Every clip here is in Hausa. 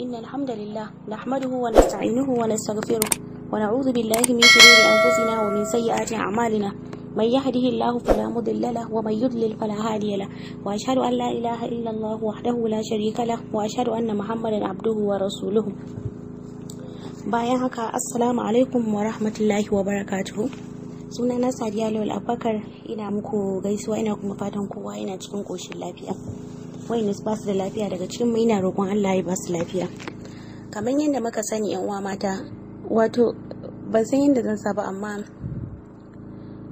إن الحمد لله نحمده ونستعينه ونستغفره ونعوذ بالله من شرور أنفسنا ومن سيئات أعمالنا من يهده الله فلا مضل له ومن يضلل فلا هادي له وأشهد أن لا إله إلا الله وحده لا شريك له وأشهد أن محمدا عبده ورسوله bayan haka assalamu alaikum wa rahmatullahi wa barakatuhu sunana sadiya lawal abubakar ina muku gaisuwa ina kuma fatan kowa yana cikin koshin lafiya wayanda ba su da lafiya daga cikin mu ina roƙon Allah ya basu lafiya kamar yadda muka sani yan uwa mata wato ban san yadda zan sa ba amma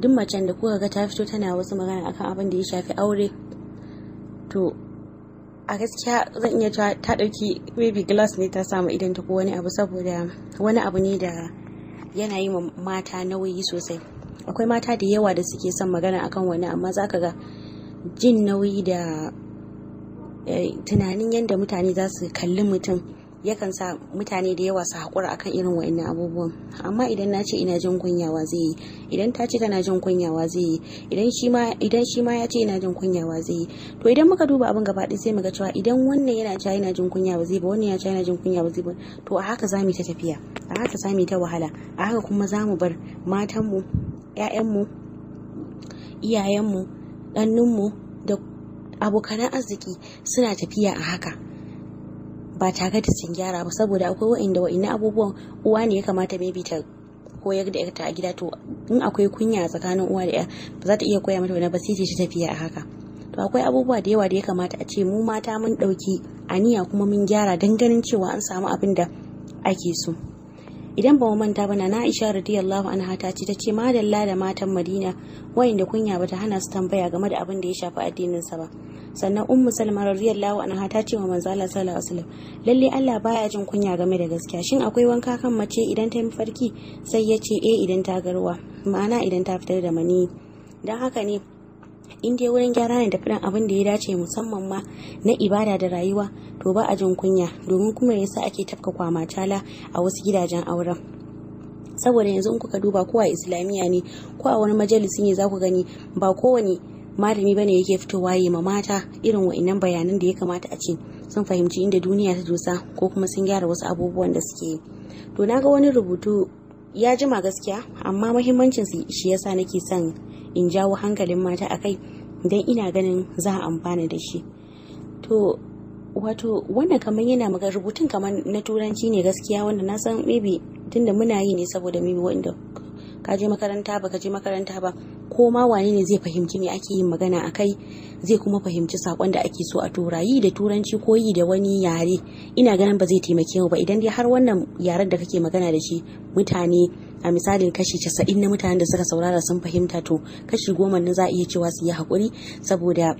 duk macen da kuka ga ta fito tana wasu magana akan abin da ya shafi aure to a gaskiya zan iya ta dauki baby glass ne ta samu idan ta ko wani abu saboda wani abu ne da yana yi mata nauyi sosai akwai mata da yawa da suke son magana akan wani amma zaka ga jin nauyi da Eh, tunanin yadda mutane za su kalli mutum yakan sa mutane da yawa su haƙura akan irin wa'annan abubuwan amma idan na ce ina jin kunyawa zai yi idan ta ce tana jin kunyawa zai yi idan shi ma ya ce ina jin kunyawa zai yi to idan muka duba abin gaba ɗaya sai muga cewa idan wannan yana cewa ina jin kunya ba zai ba wannan yana cewa ina jin kunya ba zai ba to a haka za mu ta tafiya a haka za mu ta wahala a haka kuma za mu bar matanmu 'ya'yanmu iyayenmu ɗannunmu abokanan arziki suna tafiya a haka ba tare da sun gyara ba saboda akwai wa'inda wa'inna abubuwan uwa ne ya kamata maybe ta koyar da yarta a gida to in akwai kunya tsakanin uwa da ya ba za ta iya koya mata wani ba sai ta tafiya a haka to akwai abubuwa da yawa da ya kamata a ce mu mata mun ɗauki aniya kuma mun gyara don ganin cewa an samu abin da ake so. idan ba mu manta ba na Aisha radiyallahu anha ta ce ta tace madalla da matan Madina wayanda kunya bata hana su tambaya game da abin da ya shafi addinin sa ba sannan ummu Salma radiyallahu anha ta ce wa manzo Allah sallallahu alaihi wasallam lalle Allah baya jin kunya game da gaskiya shin akwai wanka kan mace idan ta yi farki sai ya ce eh idan ta garwa ma'ana idan ta fitar da mani dan haka ne in dai wurin gyara ne da faɗin abin da ya dace musamman ma na ibada da rayuwa to ba a jin kunya domin kuma yasa ake tafka kwamacala a wasu gidajen auren saboda yanzu in kuka duba ko a islamiyya ne ko a wani majalisi ne za ku gani ba kowane malami ba ne yake fitowa yi ma mata irin wa'innan bayanan da ya kamata a ce sun fahimci inda duniya ta dosa ko kuma sun gyara wasu abubuwan da suke yi to na ga wani rubutu ya jima gaskiya amma mahimmancin shi yasa nake son in jawo hankalin mata a kai don ina ganin za a amfana da shi to wato wannan kamar yana maka rubutun kamar na turanci ne gaskiya wanda na san maybe tunda muna yi ne saboda maybe wanda ka je makaranta ba ka je makaranta ba ko ma wane ne zai fahimci me ake yin magana a kai zai kuma fahimci sakon da ake so a tura yi da turanci ko yi da wani yare ina ganin ba zai taimake mu ba idan dai har wannan yaren da kake magana da shi mutane a misalin kashi casa'in na mutanen da suka saurara sun fahimta to kashi goma na za a iya cewa su yi hakuri saboda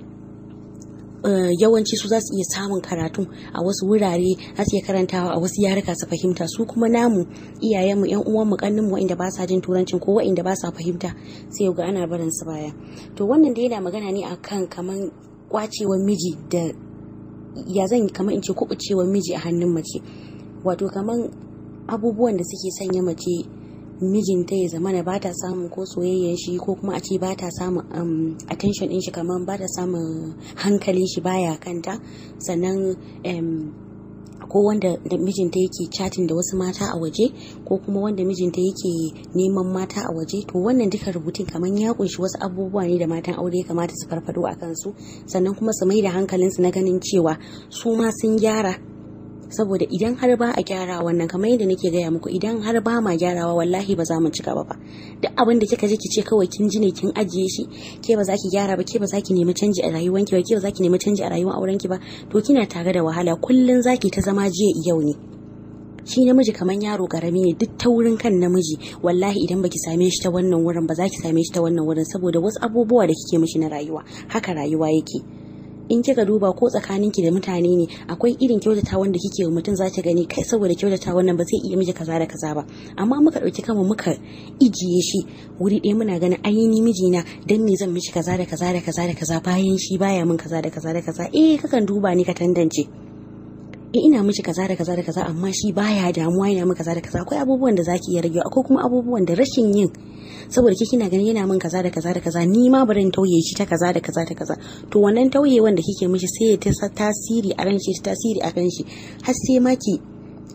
Eh, yawanci su za su iya samun karatu a wasu wurare za su iya karantawa a wasu yaruka su fahimta su kuma namu iyayenmu yan uwan mu kannin mu wa'inda ba sa jin turancin ko wa'inda ba sa fahimta sai ga ana barin su baya to wannan da yana magana ne akan kaman kwacewar miji da ya zan kamar in ce kubucewar miji a hannun mace wato kaman abubuwan da suke sanya mace mijinta ya zamana ba ta samun ko soyayyar shi ko kuma a ce ba ta samun um, attention din shi kamar ba ta samun hankalin shi baya kanta sannan um, ko wanda da mijinta yake chatin da wasu mata a waje ko kuma wanda mijinta yake neman mata a waje to wannan duka rubutun kamar ya kunshi wasu abubuwa ne da matan aure ya kamata su farfado a kansu sannan kuma su mai da hankalinsu na ganin cewa su ma sun gyara saboda idan har ba a gyara wannan kamar yadda nake gaya muku idan har ba ma gyarawa wallahi ba za mu ci gaba ba duk abin da kika je ki ce kawai kin ji ne kin ajiye shi ke ba za ki gyara ba ke ba za ki nemi canji a rayuwanki ba ke ba za ki nemi canji a rayuwar aurenki ba to kina tare da wahala kullun za ki ta zama jiya yau ne shi namiji kamar yaro karami ne duk ta wurin kan namiji wallahi idan baki same shi ta wannan wurin ba za ki same shi ta wannan wurin saboda wasu abubuwa da kike mishi na rayuwa haka rayuwa yake in kika duba ko tsakaninki da mutane ne akwai irin kyautata wanda kike wa mutum zaki gani kai saboda kyautata wannan ba zai iya miji kaza da kaza ba amma muka dauki kanmu muka ijiye shi wuri ɗaya muna ganin ainihin mijina dan me zan mishi kaza da kaza da kaza da kaza bayan shi baya min kaza da kaza da kaza eh kakan duba ni ka tandance in eh, ina miji kaza da kaza da kaza amma shi baya damuwa ina miji kaza da kaza akwai abubuwan da zaki iya ragewa akwai kuma abubuwan da rashin yin saboda kike kina ganin yana min kaza da kaza da kaza ni ma bari in tauye shi ta kaza da kaza da kaza to wannan tauye wanda kike mishi sai ya tasa tasiri a ran shi tasiri a kan shi har sai ma ki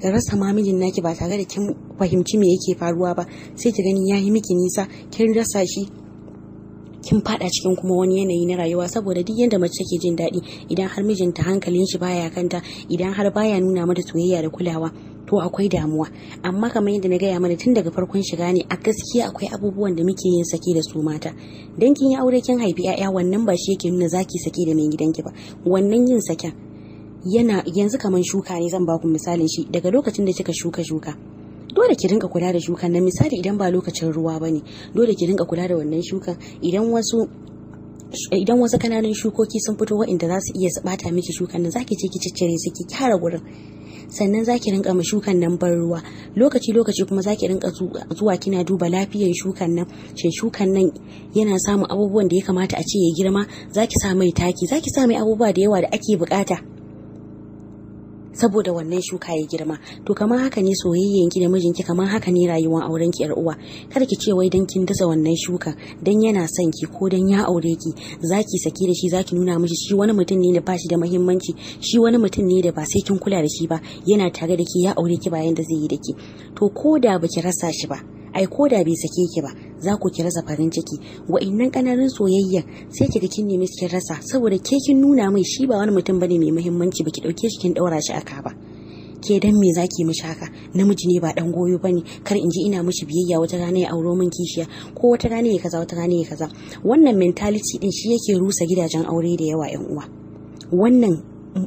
rasa ma mijin naki ba tare da kin fahimci me yake faruwa ba sai ki gani ya yi miki nisa kin rasa shi kin fada cikin kuma wani yanayi na rayuwa saboda duk yanda mace take jin daɗi idan har mijinta hankalin shi baya kanta idan har baya nuna mata soyayya da kulawa to akwai damuwa amma kamar yadda na gaya mana tun daga farkon shiga ne a gaskiya akwai abubuwan da muke yin sake da su mata dan kin yi aure kin haifi 'ya'ya wannan ba shi yake nuna zaki sake da mai gidanki ba wannan yin saken yana yanzu kamar shuka ne zan ba ku misalin shi daga lokacin da kika shuka shuka dole ki rinka kula da shukan nan misali idan ba lokacin ruwa bane dole ki dinga kula da wannan shukan idan wasu idan wasu kananan shukoki sun fito waɗanda za su iya bata miki shukan nan zaki je ki ciccire su ki kyara gurin sannan zaki rinka ma shukan nan ban ruwa lokaci lokaci kuma zaki rinka zuwa kina duba lafiyar shukan nan shin shukan nan yana samun abubuwan da ya kamata a ce ya girma zaki sa mai taki zaki sa mai abubuwa da yawa da ake bukata saboda wannan shuka ya girma to kamar haka ne soyayyen ki da mijinki kamar haka ne rayuwar auren ki yar uwa kada ki ce wai dan kin dasa wannan shuka dan yana son ki ko dan ya aure ki zaki saki da shi zaki nuna mishi shi wani mutum ne da bashi da muhimmanci shi wani mutum ne da ba sai kin kula da shi ba yana tare da ki ya aure ki bayan da zai yi da ki to ko da baki rasa shi ba ai ko da bai sake ki ba za ku ki rasa farin ciki Wa innan kananan soyayya sai ki ga kin nemi kin rasa saboda ke kin nuna mai shi ba wani mutum bane mai muhimmanci ba ki dauke shi kin daura shi aka ba ke dan me zaki mishi haka namiji ne ba dan goyo bane kar in ji ina mishi biyayya wata rana ya auro min kishiya ko wata rana ya kaza wata rana ya kaza wannan mentality din shi yake rusa gidajen aure da yawa yan uwa wannan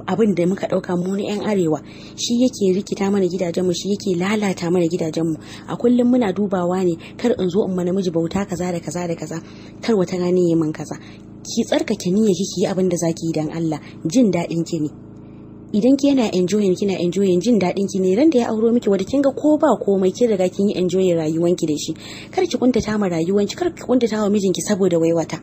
abin da muka ɗauka mu na 'yan arewa shi yake rikita mana gidajenmu shi yake lalata mana gidajenmu a kullum muna dubawa ne kar in zo in ma namiji bauta kaza da kaza da kaza kar wata rana ya man kaza ki tsarkake niyya ki yi abin da zaki yi dan Allah jin daɗin ki ne idan ki yana enjoying kina enjoying jin daɗin ki ne ran da ya auro miki wanda kin ga ko ba komai kin riga kin yi enjoying rayuwanki da shi kar ki kuntata ma rayuwanki kar ki kuntata wa mijinki saboda waiwata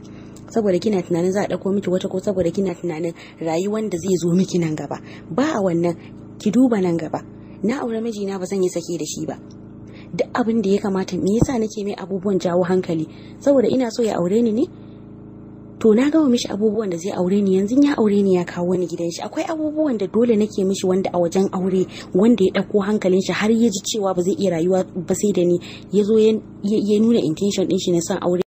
saboda kina tunanin za a ɗauko miki wata ko saboda kina tunanin rayuwar da zai zo miki nan gaba ba a wannan ki duba nan gaba na aure na ba zan yi sake da shi ba duk abin da ya kamata me yasa nake mai abubuwan jawo hankali saboda ina so ya aure ni ne to na gawa mishi abubuwan da zai aure ni yanzu ya aure ni ya kawo ni gidan shi akwai abubuwan da dole nake mishi wanda a wajen aure wanda ya ɗauko hankalin shi har ya ji cewa ba zai iya rayuwa ba sai da ni ya zo ya nuna intention din shi na son aure